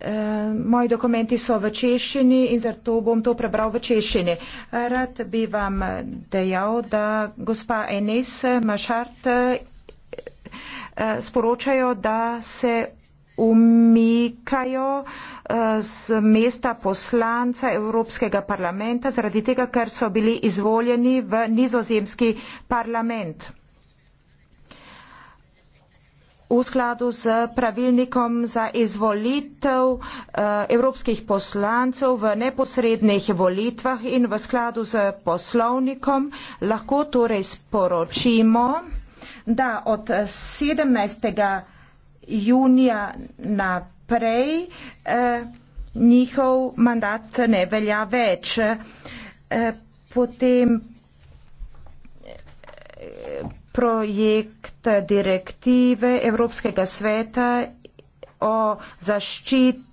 Eh, moji dokumenti so v češini in zato bom to prebral v češini. Rad bi vam dejal, da gospa Enes Mašart eh, sporočajo, da se umikajo eh, z mesta poslanca Evropskega parlamenta zaradi tega, ker so bili izvoljeni v nizozemski parlament v skladu z pravilnikom za izvolitev eh, evropskih poslancev v neposrednih volitvah in v skladu z poslovnikom lahko torej sporočimo, da od 17. junija naprej eh, njihov mandat ne velja več. Eh, potem projekt direktive Evropskega sveta o zaščiti